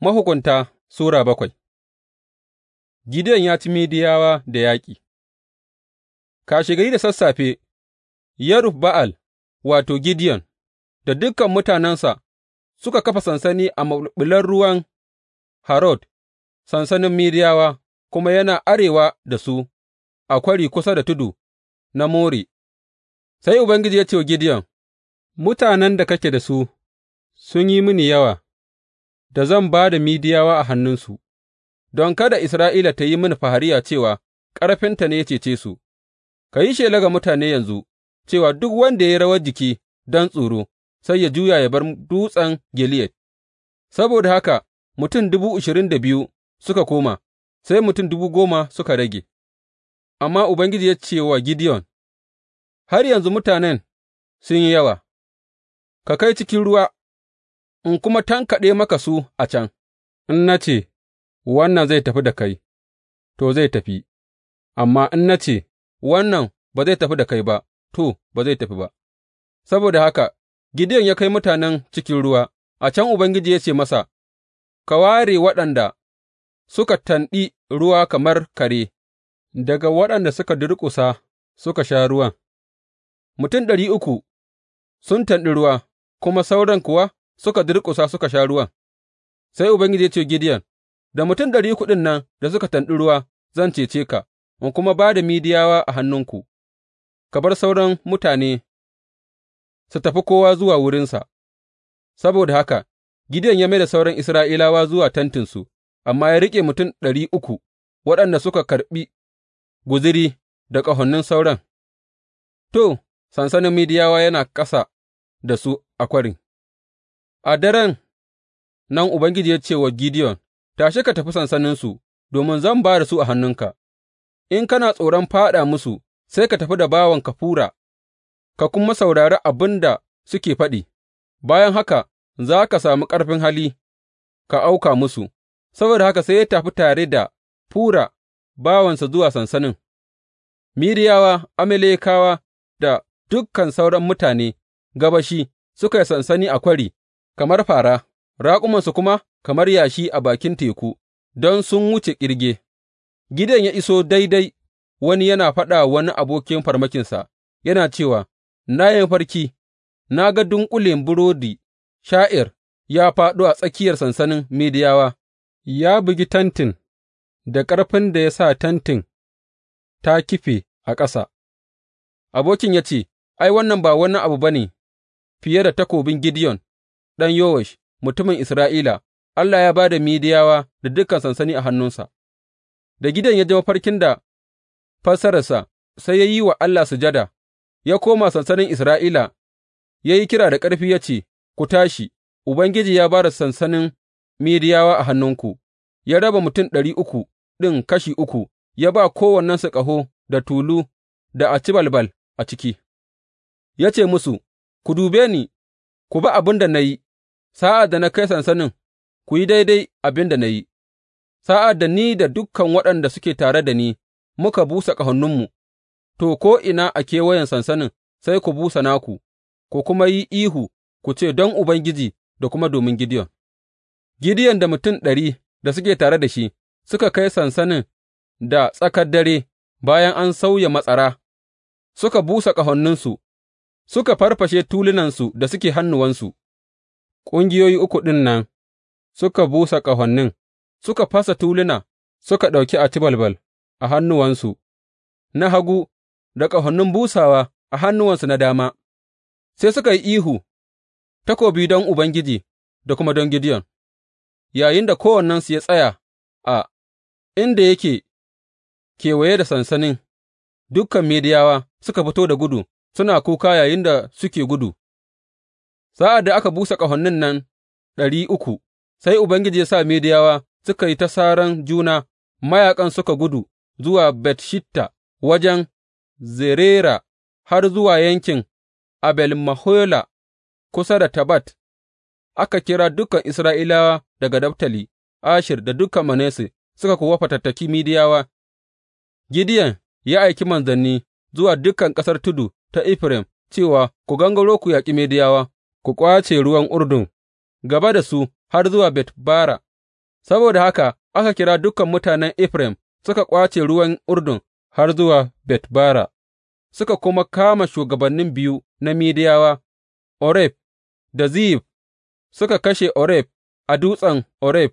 Mahukunta Sura bakwai Gideon ya ci Midiyawa da yaƙi Kashegari da sassafe, yaruf Ba'al, wato, Gideon, da dukan mutanensa suka kafa sansani a maɓulɓular ruwan Harod, sansanin Midiyawa kuma yana arewa da su a kwari kusa da tudu na More. Sai Ubangiji ya ce wa Gideon, Mutanen da kake da su sun yi mini yawa. da zan ba da Midiyawa a hannunsu, don kada Isra'ila ta yi mini fahariya cewa ƙarfinta ne ya cece su, ka yi shela ga mutane yanzu cewa duk wanda ya yi rawar jiki don tsoro, sai ya juya ya bar dutsen Gileyad. Saboda haka mutum dubu ashirin da biyu suka koma, sai mutum dubu goma suka rage. Amma Ubangiji ya ce wa Gideon, Har yanzu mutanen sun yi yawa, ka kai cikin ruwa in kuma tankaɗe maka su a can, in na ce, Wannan zai tafi da kai, to zai tafi, amma in na ce, Wannan ba zai tafi da kai ba, to, ba zai tafi ba. Saboda haka, Gideon ya kai mutanen cikin ruwa, a can Ubangiji ya ce masa, Ka ware waɗanda suka tanɗi ruwa kamar kare, daga waɗanda suka durƙusa suka sha ruwan, mutum ɗari uku sun tanɗi ruwa, kuma sauran kuwa suka durƙusa suka sha ruwan, sai Ubangiji ya ce Gideyon, Da mutum ɗari kuɗin ɗin nan da suka tanɗi ruwa zan cece ka, in kuma ba da Midiyawa a hannunku, ka bar sauran mutane su tafi kowa zuwa wurinsa. Saboda haka, Gideon ya mai da sauran Isra'ilawa zuwa tentinsu, amma ya riƙe mutum ɗari uku waɗanda suka karɓi guziri da ƙahonin sauran. To, sansanin Midiyawa yana ƙasa da su a kwarin. A daren nan Ubangiji ya ce wa Gideyon, Tashi ka tafi sansaninsu, domin zan ba da su a hannunka, in kana tsoron fāɗa musu, sai ka tafi da bawan ka Fura, ka kuma saurari abin da suke faɗi, bayan haka za ka sami ƙarfin hali ka auka musu, saboda haka sai ya tafi tare da Fura bawansa zuwa sansanin. Miriyawa, Amalekawa da dukkan sauran mutane gabashi suka yi sansani a kwari kamar fāra, raƙumansu kuma kamar yashi a bakin teku, don sun wuce ƙirge. Gidan ya iso daidai, wani yana faɗa wani abokin farmakinsa, yana cewa, Na yi mafarki, na ga dunƙulen burodi sha'ir ya faɗo a tsakiyar sansanin Midiyawa, ya bugi tantin, da ƙarfin da ya sa tantin ta kife a ƙasa. Abokin ya ce, Ai, wannan ba wani abu ba ne fiye da takobin Gideyon ɗan Yowash, mutumin Isra'ila, Allah ya ba da Midiyawa da dukan sansani a hannunsa. Da gidan ya ji mafarkin da fassararsa, sai ya yi wa Allah sujada, ya koma sansanin Isra'ila, ya yi kira da ƙarfi ya ce, Ku tashi, Ubangiji ya ba da sansanin Midiyawa a hannunku, ya raba mutum ɗari uku ɗin kashi uku, ya ba kowannensu ƙaho da tulu da a acibalbal a ciki, ya ce musu, Ku dube ni, ku ba abin da na yi, Sa'ad da na kai sansanin, ku yi daidai abin da na yi, sa'ad da ni da dukan waɗanda suke tare da ni muka busa ƙahoninmu, to, ko'ina a kewayen sansanin sai ku busa naku, ku kuma yi ihu ku ce don Ubangiji da kuma domin Gideon. Gideon da mutum ɗari da suke tare da shi suka kai sansanin da tsakar dare bayan an sauya matsara, suka busa ƙahoninsu, suka farfashe tulunansu da suke hannuwansu. ƙungiyoyi uku ɗin nan suka busa ƙahonin, suka fasa tuluna, suka ɗauki acibalbal a hannuwansu na hagu da ƙahonin busawa a hannuwansu na dama, sai suka yi ihu, takobi don Ubangiji da kuma don Gideon, da kowannensu ya tsaya a inda yake kewaye da sansanin, dukkan Midiyawa suka fito da gudu suna kuka yayin da suke gudu. Sa'ad da aka busa ƙahonin nan ɗari uku, sai Ubangiji ya sa Midiyawa suka yi ta saran juna, mayaƙan suka gudu zuwa Bet Shitta wajen Zerera har zuwa yankin Abel Mahola kusa da Tabat, aka kira dukan Isra'ilawa daga Naftali, Ashir da dukan Manasse suka kuwa fatattaki Midiyawa. Gideon ya aiki manzanni zuwa dukan ƙasar tudu ta Efraim cewa, Ku gangaro ku yaƙi Midiyawa. ku ƙwace ruwan Urdun gaba da su har zuwa Bet Bara, saboda haka aka kira dukan mutanen Efraim suka ƙwace ruwan Urdun har zuwa Bet Bara, suka kuma kama shugabannin biyu na Midiyawa, Oreb da Ziyib, suka kashe Oreb a dutsen Oreb,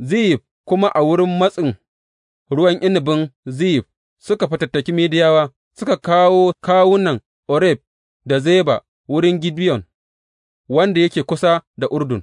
Ziyib kuma a wurin matsin ruwan inabin Ziyib suka fatattaki Midiyawa suka kawo kawunan Oreb da Zeba wurin Gideyon. wanda yake kusa da Urdun.